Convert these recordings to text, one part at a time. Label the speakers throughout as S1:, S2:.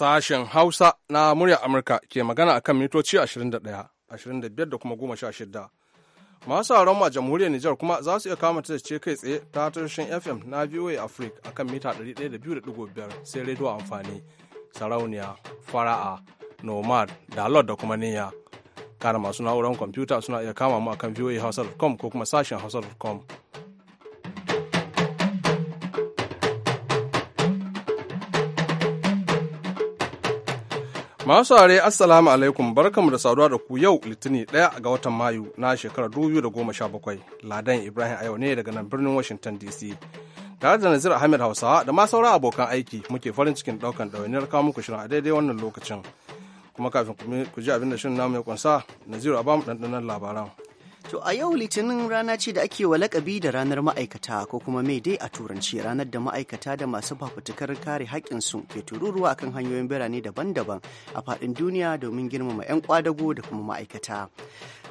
S1: sashen Hausa na murya Amurka ke magana akan mitoci 21, 25 da kuma 16. Masu a ma jamhuriyar Nijar kuma za su iya kama ta ce kai tsaye ta tashin FM na VOA Africa akan mita 102.5 sai rediyo amfani, sarauniya, fara'a, nomad, dalot da kuma niyya. Kana masu na'urar kwamfuta suna iya kama mu akan voahausa.com ko kuma sashen hausa.com. Masu are Assalamu alaikum barkamu da saduwa da ku yau Litinin ɗaya ga watan Mayu na shekarar 2017 Ladan Ibrahim a yau ne daga nan birnin Washington DC. Tare da Nazir Ahmed Hausawa da ma sauran abokan aiki muke farin cikin ɗaukan ɗawainiyar kawo muku shirin a daidai wannan lokacin. Kuma kafin ku ji abin da shirin namu ya kunsa, Naziru a bamu ɗanɗanon labaran. To a yau litinin rana
S2: ce da ake wa lakabi da ranar ma'aikata ko kuma mai dai a turanci ranar da ma'aikata da masu fafutukar kare haƙƙinsu ke tururuwa kan hanyoyin birane daban-daban a faɗin duniya domin girmama 'yan kwadago da kuma ma'aikata.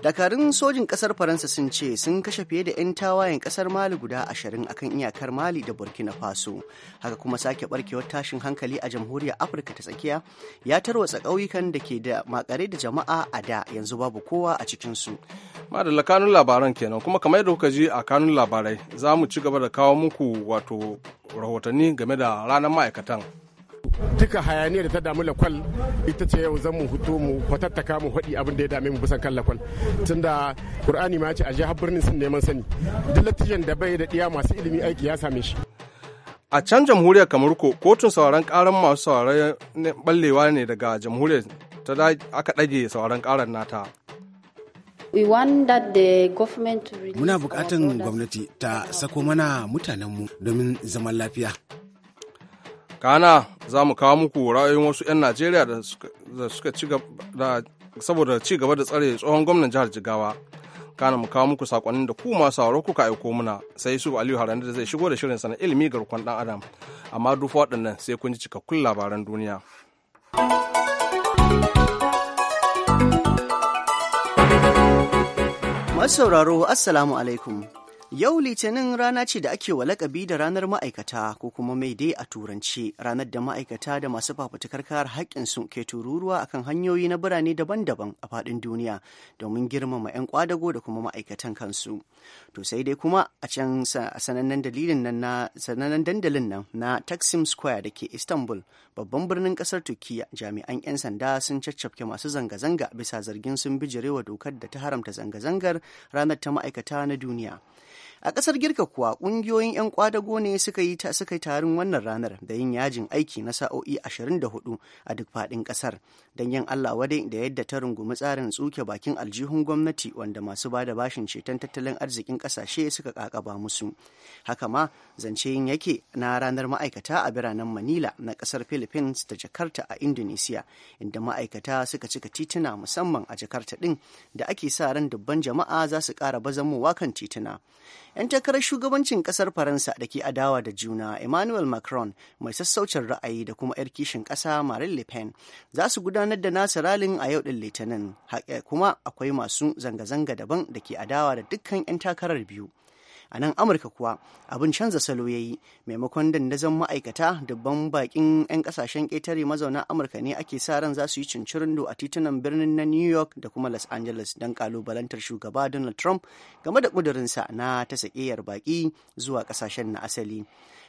S2: Dakarun sojin ƙasar Faransa sun ce sun kashe fiye da 'yan tawayen ƙasar Mali guda ashirin a kan iyakar Mali da Burkina Faso. Haka kuma sake ɓarkewar tashin hankali a jamhuriyar Afirka ta tsakiya ya tarwatsa ƙauyukan da ke da makare
S1: da jama'a a da yanzu babu kowa a cikinsu. kanun labaran kenan kuma kamar yadda kuka ji a kanun labarai za mu ci gaba da kawo muku wato rahotanni game da ranar ma'aikatan
S3: duka hayaniyar da ta damu lakwal ita ce yau zan mu hutu mu kwatattaka mu haɗi abin da ya dame mu kusan kan lakwal tunda qur'ani ma ce a jihar birnin sun neman sani duk latijan da bai da ɗiya masu ilimi aiki ya same shi
S1: a can jamhuriyar kamurko kotun sauraron karan masu sauraron ballewa ne daga jamhuriyar ta aka ɗage sauraron karan nata Muna
S4: bukatan gwamnati ta sako mana mutanenmu domin zaman lafiya.
S1: Kana za mu kawo muku ra'ayoyin wasu 'yan Najeriya da suka ci gaba saboda ci gaba da tsare tsohon gwamnan jihar Jigawa. Kana mu kawo muku sakonnin da kuma masu sauraro kuka aiko muna sai su Aliyu Haranda da zai shigo da shirin sana ilimi garkon dan Adam. Amma duk waɗannan sai kun ji cikakkun labaran duniya.
S2: Masu sauraro Assalamu alaikum. Yau Litinin rana ce da ake walakabi da ranar ma'aikata ko kuma mai dai a turanci ranar da ma'aikata da masu fafutukar kare haƙƙinsu ke tururuwa a kan hanyoyi na birane daban-daban a faɗin duniya domin girmama 'yan kwadago da kuma ma'aikatan kansu. To sai dai kuma a can sanannen dalilin nan na sanannen dandalin nan na Taksim Square da ke Istanbul babban birnin ƙasar Turkiyya jami'an 'yan sanda sun caccafke masu zanga-zanga bisa zargin sun bijirewa dokar da ta haramta zanga-zangar ranar ta ma'aikata na duniya. A ƙasar Girka kuwa ƙungiyoyin 'yan kwadago ne suka yi suka taron wannan ranar da yin yajin aiki na sa'o'i 24 a duk faɗin ƙasar dangin yin Allah wadai da yadda ta rungumi tsarin tsuke bakin aljihun gwamnati wanda masu ba da bashin ceton tattalin arzikin kasashe suka kakaba musu. Haka ma zance yin yake na ranar ma'aikata a biranen Manila na kasar Philippines da Jakarta a Indonesia, inda ma'aikata suka cika tituna musamman a Jakarta din da ake sa ran dubban jama'a za su kara bazamowa kan tituna. 'Yan takarar shugabancin kasar Faransa da ke adawa da juna Emmanuel Macron mai sassaucin ra'ayi da kuma 'yar kishin ƙasa Marine Le Pen za su gudanar gudanar da nasa ralin a yau din litinin kuma akwai masu zanga-zanga daban da ke adawa da dukkan 'yan takarar biyu a nan amurka kuwa abin canza salo ya yi maimakon dandazon ma'aikata dubban bakin 'yan kasashen ketare mazauna amurka ne ake sa ran za su yi cincirindo a titunan birnin na new york da kuma los angeles don kalubalantar shugaba donald trump game da ƙudurinsa na ta sakeyar baki zuwa kasashen na asali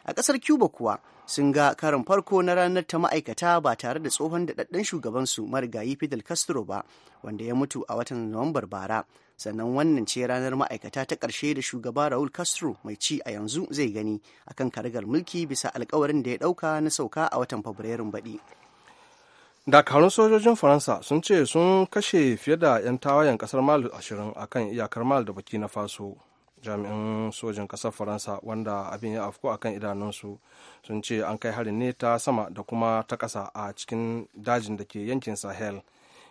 S2: a ƙasar cuba kuwa sun ga karin farko na ranar ta ma'aikata ba tare da tsohon daɗaɗɗen su marigayi fidel castro ba wanda ya mutu a watan nuwambar bara sannan wannan ce ranar ma'aikata ta ƙarshe da shugaba raul castro mai ci a yanzu zai gani akan karigar mulki bisa alkawarin da ya ɗauka
S1: na sauka a watan fabrairun baɗi dakarun sojojin faransa sun ce sun kashe fiye da 'yan tawayen kasar mali ashirin a kan iyakar mali da burkina faso jami'in sojin kasar faransa wanda abin ya afko akan idanunsu sun ce an kai harin ne ta sama da kuma ta ƙasa a cikin dajin da ke yankin sahel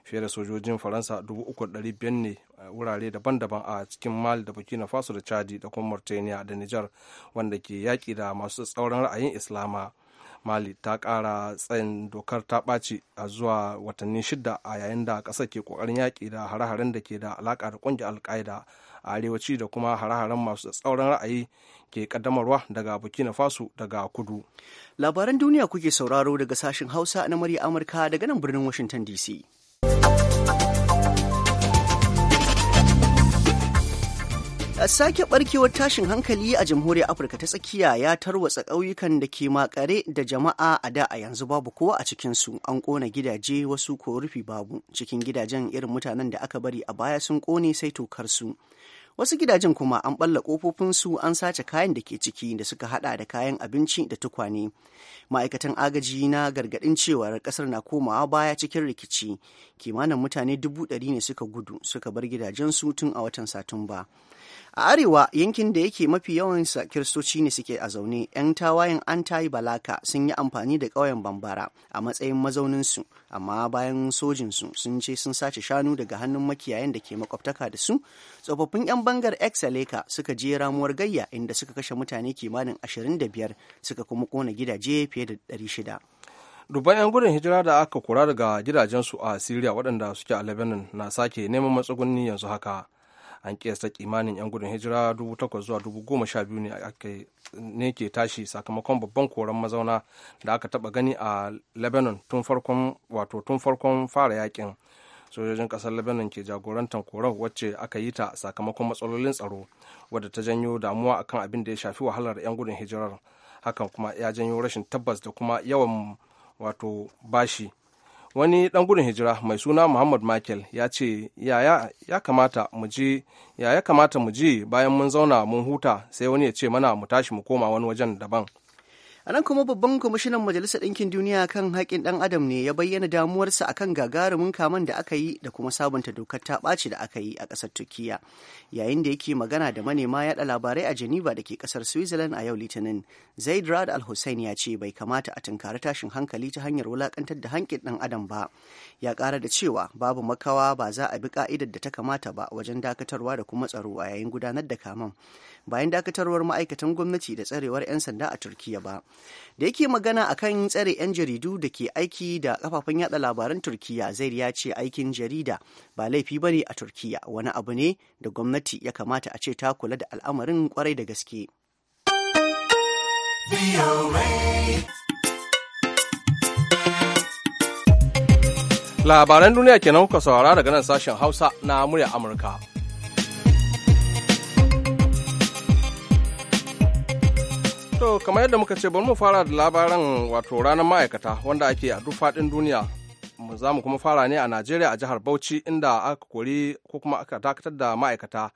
S1: fiye da sojojin faransa dubu uku ɗari biyar ne wurare daban-daban a cikin mali da burkina faso da chadi da kuma mauritania da niger wanda ke yaƙi da masu tsauran ra'ayin islama mali ta ƙara tsayin dokar ta ɓaci a zuwa watanni shida a yayin da ƙasar ke ƙoƙarin yaƙi da hare-haren da ke da alaƙa da ƙungiyar alƙaida a arewaci da kuma hare-haren masu tsauran ra'ayi ke kaddamarwa daga burkina faso daga kudu labaran
S2: duniya kuke sauraro daga sashen hausa na murya amurka daga nan birnin washington dc Sake barkewar tashin hankali a jamhuriyar Afirka ta tsakiya ya tarwatsa ƙauyukan da ke makare da jama'a a da a yanzu babu kowa a cikinsu an kona gidaje wasu ko rufi babu cikin gidajen irin mutanen da aka bari a baya sun kone sai tokarsu. Wasu gidajen kuma an ɓalla su an sace kayan da ke ciki da suka hada da kayan abinci da tukwane. Ma'aikatan agaji na gargadin cewa kasar na komawa baya cikin rikici. Kimanin mutane dubu ɗari ne suka gudu suka bar gidajen su tun a watan Satumba. a arewa yankin da yake mafi yawansa kiristoci ne suke a zaune 'yan tawayen an tayi balaka sun yi amfani da ƙauyen bambara a matsayin mazauninsu amma bayan sojinsu sun ce sun sace shanu daga hannun makiyayan da ke makwabtaka da su tsofaffin 'yan bangar exaleka suka je ramuwar gayya inda suka kashe mutane kimanin 25 suka kuma kona gidaje fiye da
S1: 600 duban 'yan gudun hijira da aka kura daga gidajensu a syria waɗanda suke a lebanon na sake neman matsuguni yanzu haka an kiyasta kimanin 'yan gudun hijira 8,000 zuwa biyu ne ke tashi sakamakon babban koren mazauna da aka taba gani a lebanon tun farkon wato tun farkon fara yakin sojojin kasar lebanon ke jagorantar koren wacce aka yi ta sakamakon matsalolin tsaro wadda ta janyo damuwa akan abin da ya shafi wahalar 'yan gudun hijirar hakan kuma ya janyo rashin tabbas da kuma yawan wato bashi wani dan gudun hijira mai suna muhammad makel ya ce ya kamata mu ya kamata mu ji bayan mun zauna mun huta sai wani ya ce mana mu tashi mu koma wani wajen daban A nan kuma babban kwamishinan
S2: Majalisar Ɗinkin Duniya kan haƙƙin ɗan adam ne ya bayyana damuwarsa akan gagarumin kaman da aka yi da kuma sabunta dokar ta ɓaci da aka yi a ƙasar Turkiya. Yayin da yake magana da manema yaɗa labarai a Geneva da ke ƙasar Switzerland a yau Litinin, Zaid Rad Al Hussein ya ce bai kamata a tunkari tashin hankali ta hanyar wulaƙantar da haƙƙin ɗan adam ba. Ya ƙara da cewa babu makawa ba za a bi ƙa'idar da ta kamata ba wajen dakatarwa da kuma tsaro a yayin gudanar da kaman. bayan dakatarwar ma'aikatan gwamnati da tsarewar 'yan sanda a turkiya ba da yake magana a kan tsare 'yan jaridu da ke aiki da kafafen yada labaran turkiya zai ya ce aikin jarida ba laifi ba ne a turkiya wani abu ne da gwamnati ya kamata a ce ta kula da
S1: al'amarin kwarai da gaske labaran duniya kenan kuka saurara daga nan sashen hausa na murya amurka To kamar yadda muka ce bari mu fara da labaran wato ranar ma'aikata wanda ake a duk faɗin duniya. Za mu kuma fara ne a Najeriya a jihar Bauchi inda aka kori ko kuma aka dakatar da ma'aikata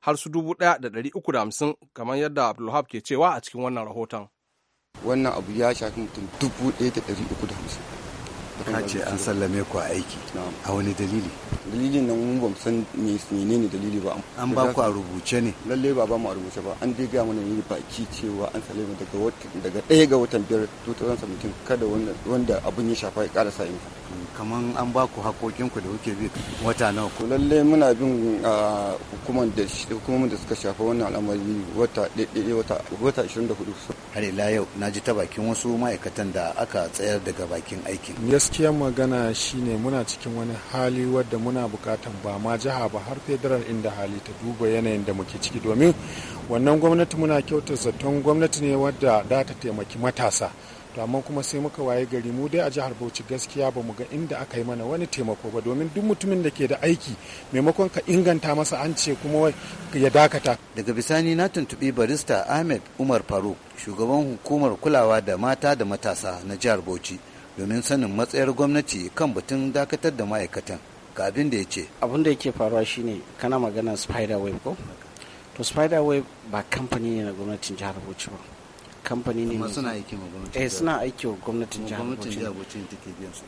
S1: har su dubu ɗaya da ɗari uku da hamsin kamar yadda Abdulhab ke cewa a cikin wannan rahoton. Wannan abu ya shafi mutum
S4: dubu ɗaya da ɗari uku da hamsin. ka ce an sallame ku aiki a wani dalili dalilin nan mun ba san menene ne dalili ba an ba ku a rubuce ne lalle ba ba mu a rubuce ba an dai ga mana ne baki cewa an sallame daga daga ɗaya ga watan 5 2017 kada wanda abun ya shafa ya karasa sa kamar an ba ku hakokinku da kuke bi wata nawa ku lalle muna bin hukumar da hukumar da suka shafa wannan al'amari wata ɗaiɗaiɗai wata wata 24 har ila yau na ji ta bakin wasu ma'aikatan da aka tsayar daga bakin aikin
S3: gaskiyar magana shine muna cikin wani hali wadda muna bukatan ba ma jiha ba har federal inda hali ta duba yanayin da muke ciki domin wannan gwamnati muna kyautar zaton gwamnati ne wadda za ta taimaki matasa to amma kuma sai muka waye gari mu dai a jihar Bauchi gaskiya ba mu ga inda aka yi mana wani taimako ba domin duk mutumin
S4: da ke da aiki maimakon ka inganta masa an ce kuma ya dakata daga bisani na tuntubi barista Ahmed Umar Faruk shugaban hukumar kulawa da mata da matasa na jihar Bauchi domin sanin matsayar gwamnati kan batun dakatar da ma'aikatan ga abin da ya ce abin da yake faruwa shine kana magana spider web ko to spider web ba kamfani ne na gwamnatin jihar Bauchi ba kamfani ne mai suna aiki gwamnati eh, suna aiki wa gwamnatin jihar Bauchi take biyan su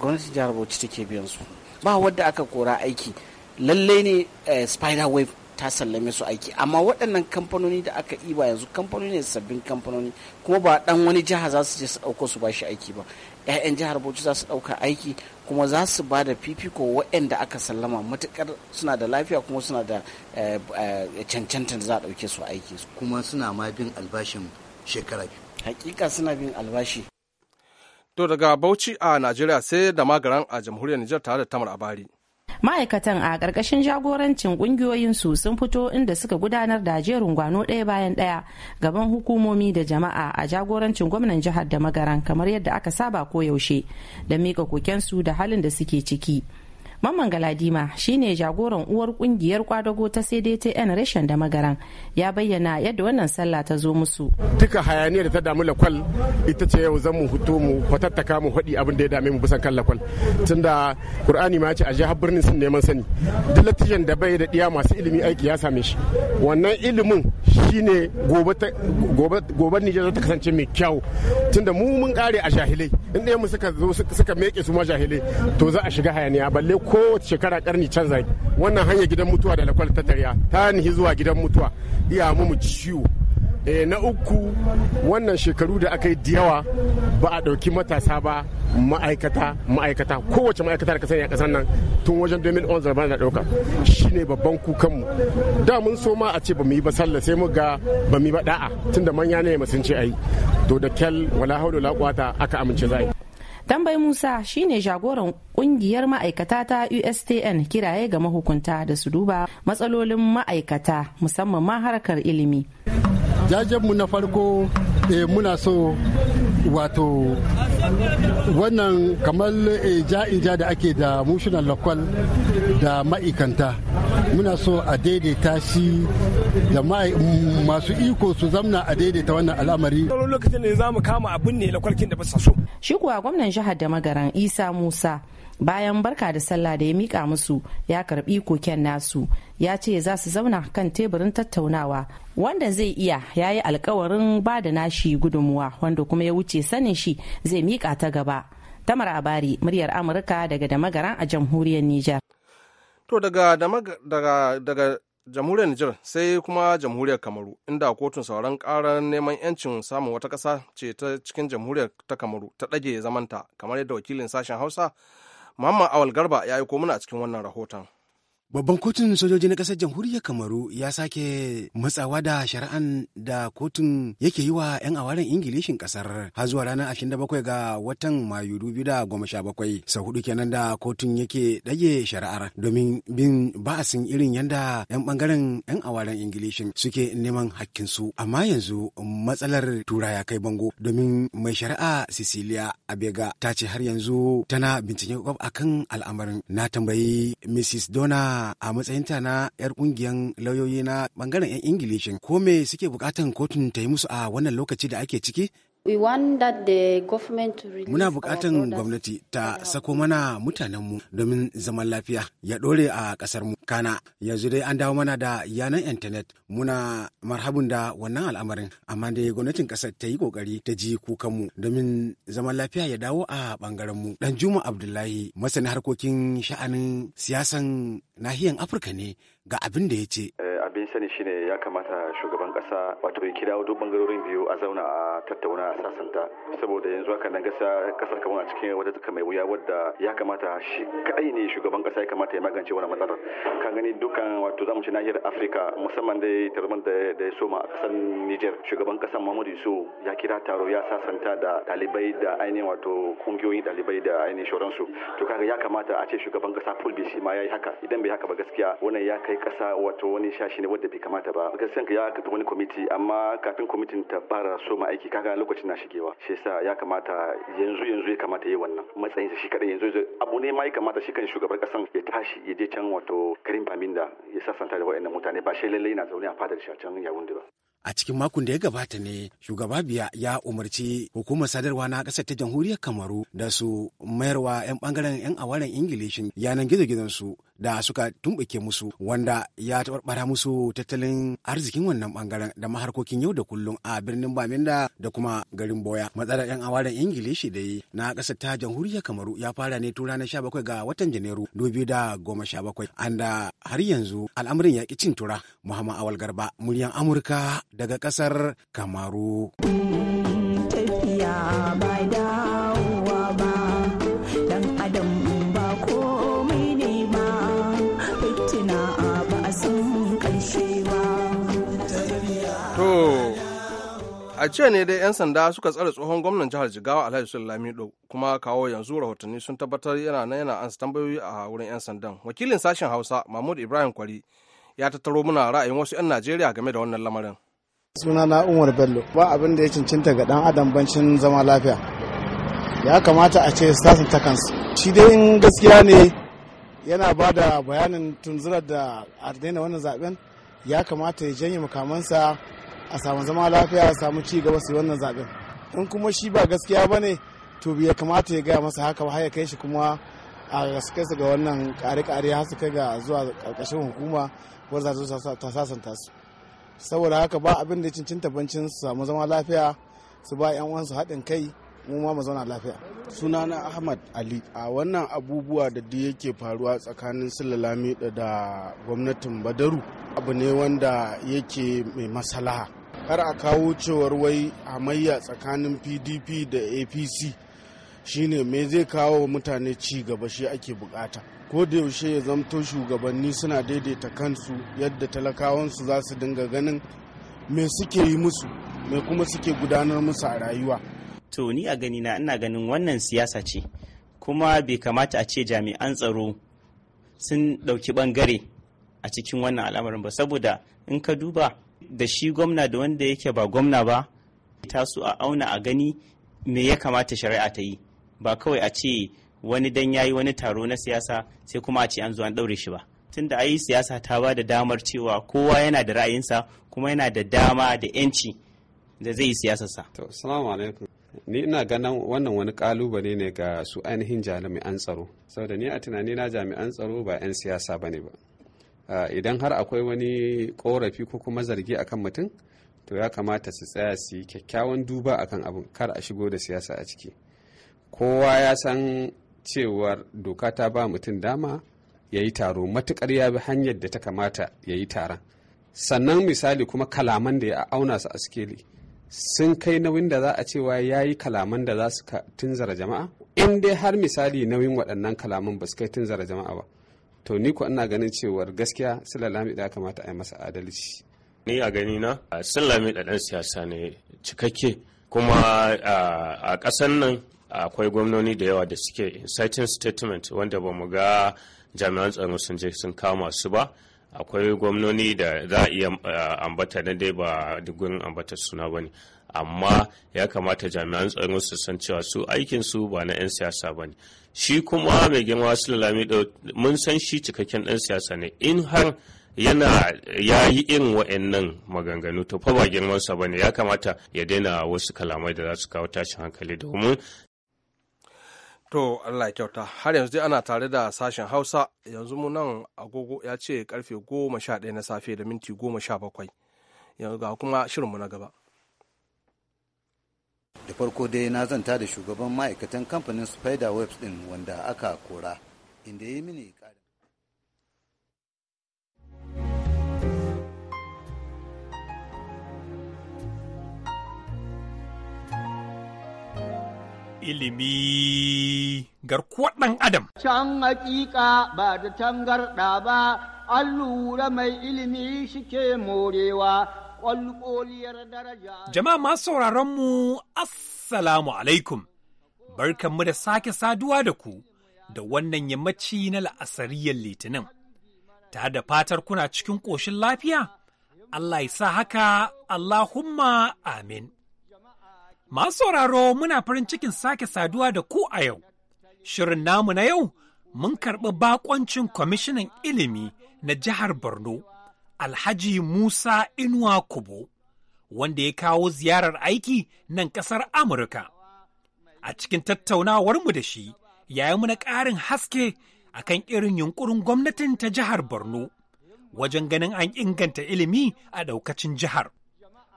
S4: gwamnatin jihar Bauchi take biyan su ba wadda aka kora aiki lallai ne eh, spider wave ta sallame su aiki amma waɗannan kamfanoni da aka iba yanzu kamfanoni ne sabbin kamfanoni kuma ba dan wani jiha za su je su ɗauko su ba aiki ba 'ya'yan jihar bauchi za su ɗauka aiki kuma za su ba da fifiko waɗanda aka sallama matuƙar suna da lafiya kuma suna da eh, cancantar za a ɗauke su aiki kuma suna ma bin albashin shekara biyu hakika suna bin albashi
S1: to daga bauchi a najeriya sai da magaran a jamhuriyar nijar tare da tamar abari
S5: ma'aikatan a ƙarƙashin jagorancin ƙungiyoyinsu sun fito inda suka gudanar da jerin gwano ɗaya bayan ɗaya gaban hukumomi da jama'a a jagorancin gwamnan jihar da magaran kamar yadda aka saba koyaushe da miƙa kokensu da halin da suke ciki Mamman Galadima shine jagoran uwar kungiyar kwadago ta CDTN reshen da magaran ya bayyana yadda wannan sallah ta zo musu.
S3: Duka hayaniyar da ta damu lakwal ita ce yau zan mu hutu mu kwatattaka mu haɗi abin da ya dame mu bisan kan lakwal. Tunda Qur'ani ma ce a jihar birnin sun neman sani. Dalatijan da bai da ɗiya masu ilimi aiki ya same shi. Wannan ilimin shine gobe Nijar ta kasance mai kyau. Tunda mu mun kare a jahilai. In ɗaya mu suka zo meke su ma jahilai to za a shiga hayaniya balle ku. kowace shekara karni canza wannan hanyar gidan mutuwa da lakwal ta tarya ta nihi zuwa gidan mutuwa iya mu ciwo e, na uku wannan shekaru da aka yi diyawa ba a ɗauki matasa ba ma'aikata ma'aikata kowace ma'aikata da ka sani ƙasar nan tun wajen 2011 ba na shi ne babban kukanmu da mun so ma a ce ba mu yi ba sallah sai mu ga ba mu yi ba da'a tunda manya ne masu ce ayi to da kyal wala haula wala aka amince za
S5: tambayi musa shine jagoran kungiyar ma'aikata ta ustn kiraye ga mahukunta da su duba matsalolin ma'aikata musamman ma harkar ilimi
S3: jajenmu na farko eh, muna so wato wannan kamar eh, ja-in-ja da ake da mushinan lokal da ma'aikanta muna so a daidaita shi da masu iko su zamna a daidaita wannan al'amari wani lokacin ne za mu kama abin ne lakwalkin da ba
S5: so shi kuwa gwamnan jihar da magaran isa musa bayan barka da sallah da ya mika musu ya karbi koken nasu ya ce za su zauna kan teburin tattaunawa wanda zai iya ya yi alkawarin ba da nashi gudunmuwa wanda kuma ya wuce sanin shi zai mika ta gaba tamar abari muryar amurka daga da magaran a jamhuriyar nijar
S1: to daga daga jamhuriyar Nijar sai kuma jamhuriyar Kamaru inda kotun sauran karar neman yancin samun wata ƙasa ce ta cikin jamhuriyar ta Kamaru ta ɗage zamanta kamar yadda wakilin sashen Hausa Muhammad Awal Garba ya yi komuna a cikin wannan rahoton.
S4: Babban kotun sojoji na ƙasar jamhuriyar Kamaru ya sake matsawa da shari'an da kotun yake yi wa 'yan awaren Ingilishin ƙasar har zuwa ranar 27 ga watan Mayu Bakwai, sau hudu kenan da kotun yake ɗage shari'ar domin bin ba'asin irin yadda 'yan ɓangaren 'yan awaren Ingilishin suke neman hakkinsu. Amma yanzu matsalar tura ya kai bango domin mai shari'a Cecilia Abega ta ce har yanzu tana bincike akan al'amarin na tambayi Mrs. Donna a matsayinta na 'yar ƙungiyar lauyoyi na bangaren 'yan Ingilishin ko me suke bukatan kotun ta yi musu a wannan lokaci da ake ciki?
S5: Muna bukatan
S4: gwamnati ta sako mana mutanenmu domin zaman lafiya ya ɗore a ƙasarmu. Kana yanzu dai an dawo mana da yanar intanet muna marhabun da wannan al'amarin amma dai gwamnatin ƙasar ta yi ƙoƙari ta ji kukanmu domin zaman lafiya ya dawo a ɓangarenmu. Dan Juma Abdullahi masanin harkokin sha'anin siyasan nahiyan Afirka ne ga abin da ya ce. Eh, abin sani shine ya kamata shugaban kasa wato ya kira duk bangarorin biyu a zauna a tattauna a sasanta saboda yanzu haka nan gasa kasar kamar a cikin wata tsaka mai wuya wadda ya kamata shi kadai ne shugaban kasa ya kamata ya magance wannan matsalar kan gani dukkan wato zamu ci nahiyar Afirka musamman dai tarbar da da ya soma a kasar Niger shugaban kasar mahmud yusu ya kira taro ya sasanta da dalibai da ainihin wato kungiyoyin dalibai da ainihin shoransu to kaga ya kamata a ce shugaban kasa Paul shi ma yi haka idan bai haka ba gaskiya wannan ya kai kasa wato wani shashi ne wanda bai kamata ba gaskiyan ya kafa wani kwamiti amma kafin kwamitin ta fara so ma aiki kaga lokacin na shigewa shi yasa ya kamata yanzu yanzu ya kamata yi wannan matsayin shi kadai yanzu abu ne ma ya kamata shi kan shugaban kasan ya tashi ya je can wato Karim Baminda ya sassanta da waɗannan mutane ba shi lallai yana zaune a fadar shi a can Yaounde ba a cikin makon da ya gabata ne shugaba biya ya umarci hukumar sadarwa na kasar ta jamhuriyar kamaru da su mayarwa 'yan bangaren 'yan awaren ingilishin yanan gizo-gizon su da suka tumbuke musu wanda ya taɓarɓara musu tattalin arzikin wannan bangaren da maharkokin yau da kullum a birnin Baminda da kuma garin Boya. Matsalar 'yan awaren Ingilishi da yi na ƙasar ta jamhuriyar Kamaru ya fara ne tun ranar 17 ga watan Janairu 2017 anda har yanzu al'amarin ya ƙi cin tura Muhammad Awal Garba muryan Amurka daga ƙasar Kamaru.
S5: Tafiya
S1: a ce ne dai 'yan sanda suka tsare tsohon gwamnan jihar jigawa alhaji sun lamido kuma kawo yanzu rahotanni sun tabbatar yana nan yana an tambayoyi a wurin 'yan sandan wakilin sashen hausa mahmud ibrahim kwari ya tattaro muna ra'ayin wasu 'yan najeriya game da wannan lamarin
S4: suna na umar bello ba abin da ya cincinta ga dan adam bancin zama lafiya ya kamata a ce sasin ta kansu shi dai in gaskiya ne yana ba da bayanin tunzurar da a daina wannan zaben ya kamata ya janye makamansa a samu zama lafiya a samu ci gaba su yi wannan zaɓen in kuma shi ba gaskiya ba ne to ya kamata ya gaya masa haka ba har ya kai shi kuma a gaske su ga wannan kare-kare har su kai ga zuwa ƙarƙashin hukuma wadda za ta sasanta su saboda haka ba abin da cincinta bancin su samu zama lafiya su ba 'yan uwansu haɗin kai mu ma mu zauna lafiya sunana ahmad
S3: ali a wannan abubuwa da da yake faruwa tsakanin sulalami da gwamnatin badaru abu ne wanda yake mai masalaha har a kawo cewar wai hamayya tsakanin pdp da apc shine me zai kawo mutane ci gaba shi ake bukata ko da yaushe ya zamto shugabanni suna daidaita kansu yadda talakawansu za su dinga ganin me suke yi musu me kuma suke gudanar musu a rayuwa
S6: to ni a gani na ina ganin wannan siyasa ce kuma bai kamata a ce jami'an tsaro sun ɗauki ɓangare a cikin wannan al'amarin ba saboda in ka duba da shi gwamna da wanda yake ba gwamna ba su a auna a gani me ya kamata shari'a ta yi ba kawai a ce wani dan yayi wani taro na siyasa sai kuma a ce an zo an daure shi ba tunda ayi siyasa ta ba da damar cewa kowa yana da ra'ayinsa kuma yana da dama da 'yanci da zai yi siyasarsa. To, salamu alaikum. ni ina ganin wannan wani kalubale ne ga su ainihin jami'an tsaro saboda ni a tunani na jami'an tsaro ba 'yan siyasa ba ne ba idan har akwai wani korafi ko kuma zargi akan mutum to ya kamata su tsaya su yi kyakkyawan duba akan abin kar a shigo da siyasa a ciki kowa ya san cewar doka ta ba mutum dama ya yi taro matukar ya bi hanyar da ta kamata ya yi taron sannan misali kuma kalaman da ya auna su a sikeli sun kai nauyin da za a cewa ya yi kalaman da za su tunzara jama'a in dai har misali nauyin waɗannan kalaman ba su kai tunzara jama'a ba to ni ko ina ganin cewar gaskiya sulalami da kamata a yi masa adalci ni a gani na
S3: sulalami da ɗan siyasa ne cikakke kuma a ƙasar nan akwai gwamnoni da yawa da suke inciting statement wanda ba mu ga jami'an tsaro sun je sun kama su ba akwai gwamnoni da za a iya eh, ambata na dai ba dugun ambata suna ba ne amma ya kamata jami'an tsaron su san cewa su aikin su ba na 'yan siyasa ba ne shi kuma mai girma su lalamido mun san shi cikakken ɗan siyasa ne in har yana ya yi irin wa'annan maganganu to fa ba girmansa ba ne ya kamata ya daina wasu kalamai da za su kawo tashin hankali domin
S1: To Allah kyauta har yanzu ana tare da sashen Hausa yanzu mu nan agogo ya ce karfe goma sha ɗaya na safe da minti goma sha bakwai yanzu ga kuma shirin mu na gaba. Da farko dai na zanta da shugaban
S4: ma'aikatan kamfanin Spider Webs ɗin wanda aka kora inda ya mini
S7: ilimi garkuwar ɗan adam.
S2: Can hakika ba da tangarɗa ba, an lura mai ilimi shi ke morewa,
S4: ƙwalƙoliyar daraja.
S7: Jama'a masu sauraronmu Assalamu alaikum, barkanmu da sake saduwa da ku da wannan yammaci na la'asariyar litinin. Ta da fatar kuna cikin ƙoshin lafiya? Allah ya sa haka, Allahumma amin. Masu sauraro muna farin cikin sake saduwa da ku a yau. Shirin namu na yau mun karɓi bakoncin kwamishinan ilimi na jihar Borno, Alhaji Musa Inuwa Kubo, wanda ya kawo ziyarar aiki nan ƙasar Amurka. A cikin tattaunawarmu da shi, yayi muna ƙarin haske a kan irin yunkurin gwamnatin ta jihar Borno wajen ganin an inganta ilimi a ɗaukacin jihar.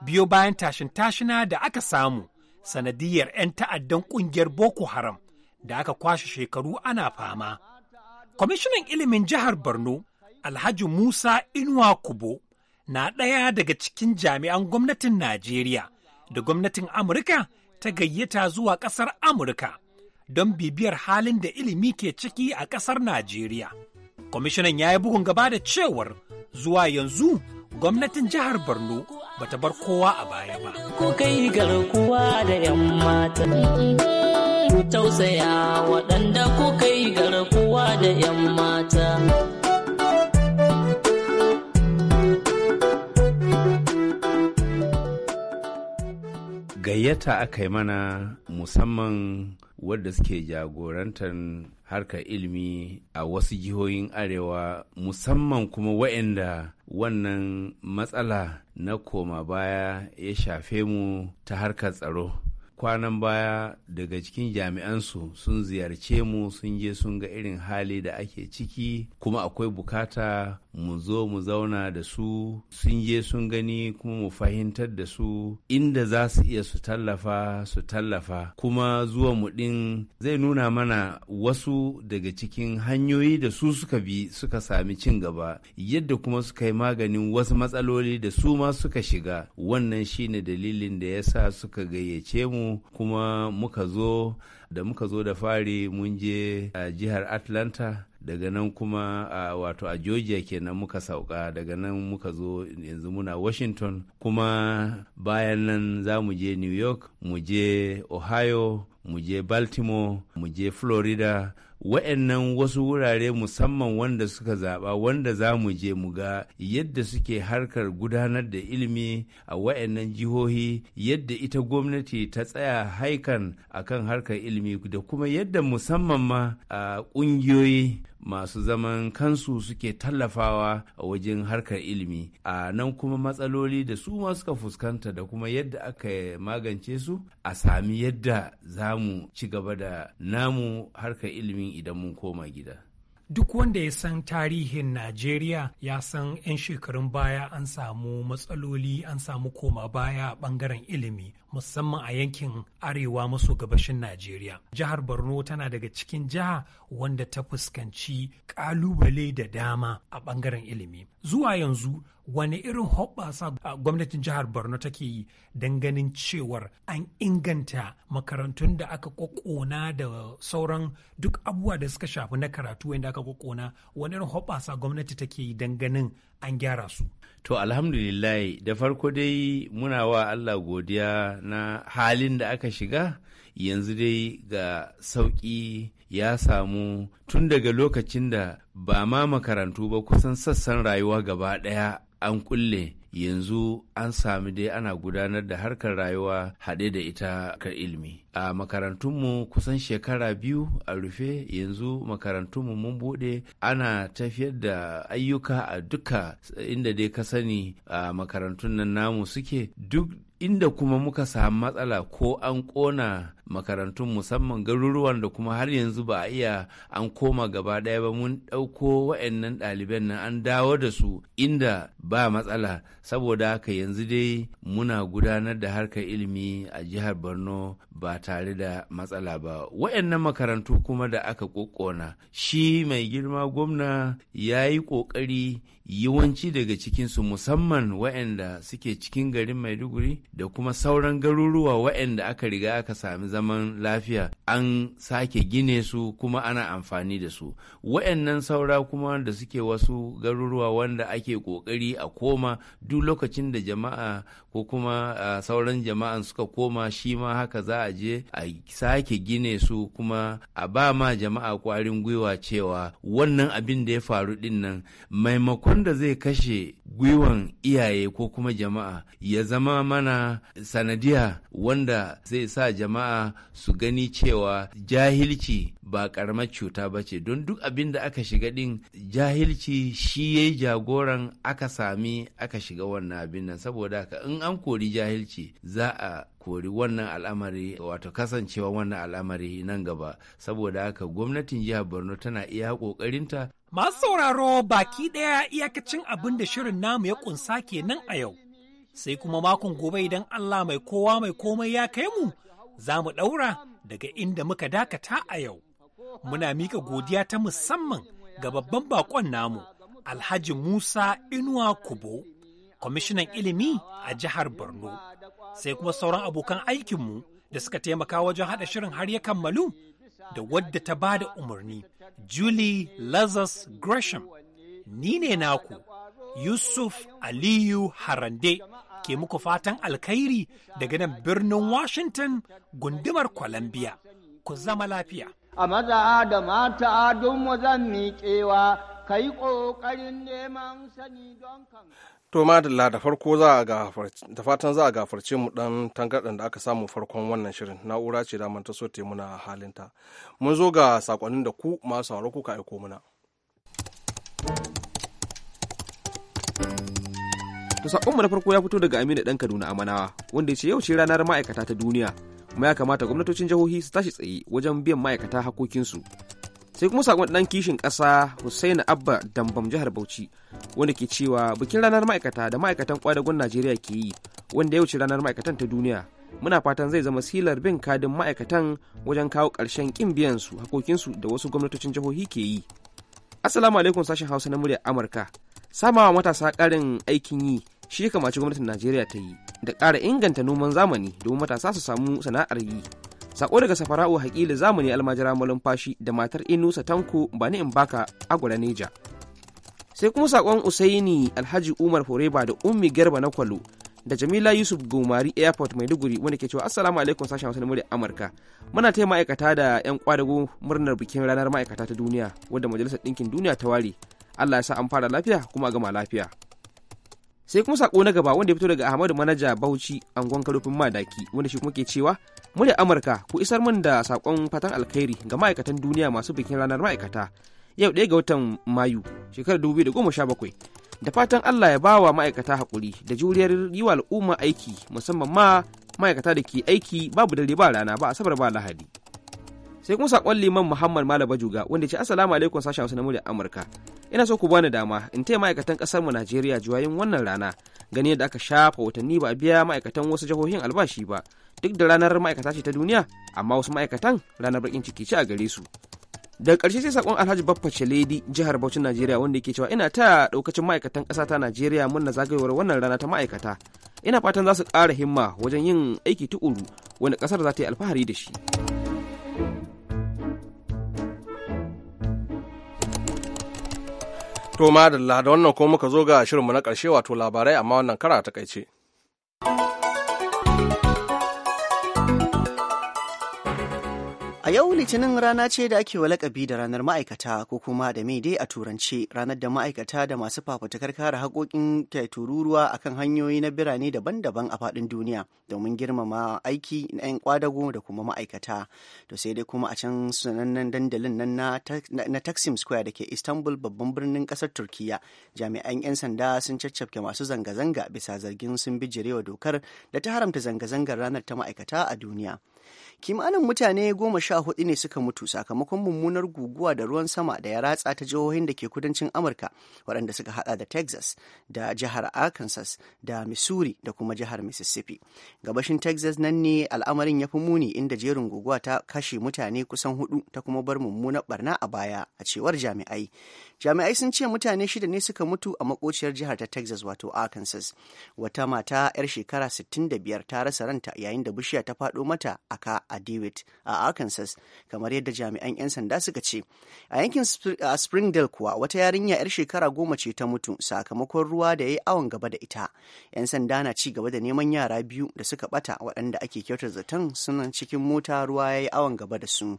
S7: Biyo bayan tashin tashina da aka samu sanadiyar 'yan ta'addan ƙungiyar Boko Haram da aka kwashe shekaru ana fama. Kwamishinan ilimin jihar Borno, Alhaji Musa Inuwa Kubo, na ɗaya daga cikin jami'an gwamnatin Najeriya da gwamnatin Amurka ta gayyata zuwa ƙasar Amurka don bibiyar halin da ilimi ke ciki a ƙasar Najeriya. Kwamishinan ya yi bugun gaba da cewar zuwa yanzu gwamnatin jihar Borno bata bar kowa a baya ba. Ku kai garkuwa da 'yan mata.
S5: Ku tausaya waɗanda ku kai garkuwa da 'yan mata.
S8: Gayyata aka yi mana musamman wadda suke jagorantar harkar ilimi a wasu jihohin arewa musamman kuma waɗanda wannan matsala na koma baya ya shafe mu ta harkar tsaro kwanan baya daga cikin jami'ansu sun ziyarce mu sun je sun ga irin hali da ake ciki kuma akwai bukata mu zo mu zauna da su sun je sun gani kuma mu fahimtar da su inda za su iya su tallafa su tallafa kuma zuwa mu ɗin zai nuna mana wasu daga cikin hanyoyi da su suka bi suka sami cin gaba yadda kuma suka yi maganin wasu matsaloli da su ma suka shiga wannan shine dalilin da ya sa suka gayyace mu kuma muka zo da muka zo da fari mun je a jihar atlanta daga nan kuma a wato a georgia kenan muka sauka daga nan muka zo yanzu muna washington kuma bayan nan za mu je new york mu je ohio mu je baltimore mu je florida wa'annan wasu wurare musamman wanda suka zaɓa wanda za mu je mu ga yadda suke harkar gudanar da ilimi a wa'annan jihohi yadda ita gwamnati ta tsaya haikan akan harkar ilimi da kuma yadda musamman ma a ƙungiyoyi masu zaman kansu suke tallafawa a wajen harkar ilimi a nan kuma matsaloli da su ma suka fuskanta da kuma yadda aka magance su a sami yadda za mu ci gaba da namu harkar ilimin idan mun koma gida.
S7: duk wanda ya san tarihin Najeriya ya san 'yan shekarun baya an samu matsaloli an samu koma baya a ɓangaren ilimi musamman a yankin arewa maso gabashin Najeriya. Jihar Borno tana daga cikin jiha wanda ta fuskanci ƙalubale da dama a bangaren ilimi. Zuwa yanzu wani irin hoɓɓasa gwamnatin jihar Borno take yi ganin cewar an inganta makarantun da aka kokona da sauran duk abubuwa da suka shafi na karatu wanda aka kokona wani irin hoɓɓasa gwamnati take yi ganin an gyara su
S8: To alhamdulillah da farko dai muna wa Allah godiya na halin da aka shiga yanzu dai ga sauƙi ya samu tun daga lokacin da ba ma makarantu ba kusan sassan rayuwa gaba ɗaya an kulle yanzu an sami dai ana gudanar da harkar rayuwa haɗe da ita ka ilmi a makarantunmu kusan shekara biyu a rufe yanzu makarantunmu mun buɗe ana tafiyar da ayyuka a duka inda dai ka sani a makarantun nan namu suke duk inda kuma muka samu matsala ko an ƙona makarantun musamman garuruwan da kuma har yanzu ba a iya an koma gaba ɗaya ba mun ɗauko wa'annan ɗaliban nan an dawo da su inda ba matsala saboda haka yanzu dai muna gudanar da harkar ilimi a jihar borno ba tare da matsala ba wa'annan makarantu kuma da aka ƙoƙona shi mai girma gwamna ya yi ƙoƙari yawanci daga cikinsu musamman waɗanda suke cikin garin maiduguri da kuma sauran garuruwa waɗanda aka riga aka sami zaman lafiya an sake gine su kuma ana amfani da su waɗannan saura kuma da suke wasu garuruwa wanda ake ƙoƙari a koma duk lokacin da jama'a ko kuma sauran jama'an suka koma shi ma haka za a je a sake gine su kuma a ba ma jama'a ƙwarin gwiwa cewa wannan abin da ya faru ɗin nan maimakon wanda zai kashe gwiwan iyaye ko kuma jama'a ya zama mana sanadiya wanda zai sa jama'a su gani cewa jahilci ba karamar cuta ba ce don duk abin da aka shiga din jahilci shi ya yi jagoran aka sami aka shiga wannan abin nan saboda haka in an kori jahilci za a kori wannan al'amari wato kasancewa wannan al'amari nan gaba saboda haka gwamnatin jihar borno tana iya kokarinta
S7: masu sauraro baki daya iyakacin abin da shirin namu ya kunsa kenan a yau. Sai kuma makon gobe idan Allah mai kowa mai komai ya kai mu, za mu ɗaura daga inda muka dakata a yau. Muna mika godiya ta musamman ga babban bakon namu, Alhaji Musa Inuwa Kubo, kwamishinan ilimi a jihar Borno. Sai kuma sauran abokan aikinmu da suka taimaka wajen haɗa shirin har ya kammalu da wadda ta ba da umarni, Julie Lazarus Gresham. Ni ne naku. Yusuf Aliyu Harande ke muku fatan alkhairi daga nan birnin Washington gundumar Columbia. Ku zama lafiya.
S4: A maza da mata don wazan miƙewa, ka yi ƙoƙarin neman sani don kan.
S1: To madalla da farko za a da fatan za a gafarci mu ɗan tangardan da aka samu farkon wannan shirin na'ura ce da ta so te muna halinta. Mun zo ga sakonnin da ku masu sauraro kuka aiko muna.
S6: To sakonmu na farko ya fito daga Aminu Dan Kaduna Amanawa wanda ya ce yau ce ranar ma'aikata ta duniya kuma ya kamata gwamnatocin jihohi su tashi tsaye wajen biyan ma'aikata hakokinsu. Sai kuma sakon ɗan kishin ƙasa Hussaini Abba Dambam jihar Bauchi wanda ke cewa bikin ranar ma'aikata da ma'aikatan kwadagon Najeriya ke yi wanda yau ce ranar ma'aikatan ta duniya muna fatan zai zama silar bin kadin ma'aikatan wajen kawo ƙarshen ƙin biyan su hakokinsu da wasu gwamnatocin jihohi ke yi. Assalamu alaikum sashen Hausa na muryar Amurka. Sama wa matasa karin aikin yi shi ya kamaci gwamnatin najeriya ta yi da ƙara inganta noman zamani domin matasa su samu sana'ar yi sako daga safara'u hakili zamani almajira Fashi da matar inusa tanko bani in baka neja sai kuma sakon usaini alhaji umar horeba da ummi garba na kwalo da jamila yusuf gomari airport maiduguri wanda ke cewa assalamu alaikum sashen hausa na amurka muna taya ma'aikata da yan kwadago murnar bikin ranar ma'aikata ta duniya wadda majalisar Dinkin duniya ta ware Allah ya sa an fara lafiya kuma a gama lafiya sai kuma sako na gaba wanda ya fito daga Ahmadu Manaja Bauchi angon karofin madaki wanda shi kuma ke cewa murya Amurka ku isar min da sakon fatan alkhairi ga ma'aikatan duniya masu bikin ranar ma'aikata yau ɗaya ga watan Mayu shekarar 2017 da fatan Allah ya ba wa ma'aikata hakuri da juriyar yi wa al'umma aiki musamman ma ma'aikata da ke aiki babu dare ba rana ba a sabar ba lahadi. sai kuma sakon liman muhammad malaba juga wanda ce assalamu alaikum sashen hausa na da amurka ina so ku bani dama in taya ma'aikatan kasar mu najeriya juwayin wannan rana gani da aka shafa watanni ba a biya ma'aikatan wasu jihohin albashi ba duk da ranar ma'aikata ce ta duniya amma wasu ma'aikatan ranar bakin ciki ce a gare su da ƙarshe sai sakon alhaji baffa chaledi jihar bauchin najeriya wanda ke cewa ina ta ɗaukacin ma'aikatan ƙasa ta najeriya murna zagayowar wannan rana ta ma'aikata ina fatan za su ƙara himma wajen yin aiki tuƙuru wanda ƙasar za ta yi alfahari da shi
S1: To madalla da wannan ko muka zo ga shirinmu na ƙarshe wato labarai amma wannan kara takaice.
S2: A yau Litinin rana ce da ake wa lakabi da ranar ma'aikata ko kuma da me dai a turanci ranar da ma'aikata da masu fafutukar kare haƙoƙin tururuwa a kan hanyoyi na birane daban-daban a faɗin duniya domin girmama aiki na 'yan kwadago da kuma ma'aikata. To sai dai kuma a can sanannen dandalin nan na, Taksim Square da ke Istanbul babban birnin ƙasar turkiyya jami'an 'yan sanda sun caccafke masu zanga-zanga bisa zargin sun bijirewa dokar da ta haramta zanga-zangar ranar ta ma'aikata a duniya. kimanin mutane goma sha hudu ne suka mutu sakamakon mummunar guguwa da ruwan sama da ya ratsa ta jihohin da ke kudancin amurka waɗanda suka hada da texas da jihar arkansas da missouri da kuma jihar mississippi gabashin texas nan ne al'amarin ya fi muni inda jerin guguwa ta kashe mutane kusan hudu ta kuma bar mummunar barna a baya a cewar jami'ai jami'ai sun ce mutane shida ne suka mutu a makociyar jihar ta texas wato arkansas wata mata 'yar shekara 65 ta rasa ranta yayin da bishiya ta faɗo mata a ka. a Dewitt a Arkansas kamar yadda jami'an 'yan sanda suka ce. A yankin Springdale kuwa wata yarinya 'yar shekara goma ce ta mutu sakamakon ruwa da ya yi awon gaba da ita. 'Yan sanda na ci gaba da neman yara biyu da suka bata waɗanda ake kyautar zaton suna cikin mota ruwa ya yi awon gaba da su.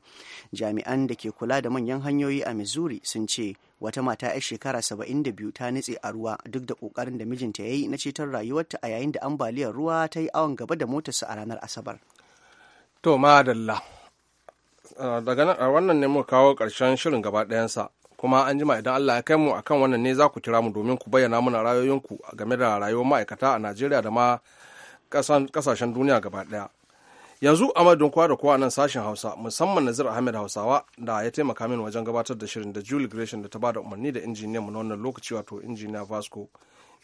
S2: Jami'an da ke kula da manyan hanyoyi a Missouri sun ce wata mata 'yar shekara saba'in da biyu ta nitse a ruwa duk da kokarin da mijinta ya yi na ceton rayuwarta a yayin da ambaliyar ruwa ta yi awon gaba da motarsa a ranar asabar To madalla.
S1: Daga wannan ne mu kawo ƙarshen shirin gaba ɗayansa kuma an jima idan Allah ya kai mu akan wannan ne za ku kira mu domin ku bayyana mana rayoyinku game da rayuwar ma'aikata a Najeriya da ma ƙasashen duniya gaba ɗaya. Yanzu a madadin kowa da kowa nan sashen Hausa musamman Nazir Ahmed Hausawa da ya taimaka min wajen gabatar da shirin da Julie Gresham da ta bada umarni da injiniyan mu na wannan lokaci wato injiniya Vasco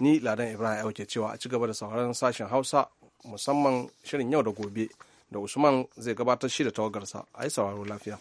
S1: ni Ladan Ibrahim Aiko cewa a ci gaba da sauraron sashen Hausa musamman shirin yau da gobe. da usman zai gabatar shi da tawagarsa a yi sauraro lafiya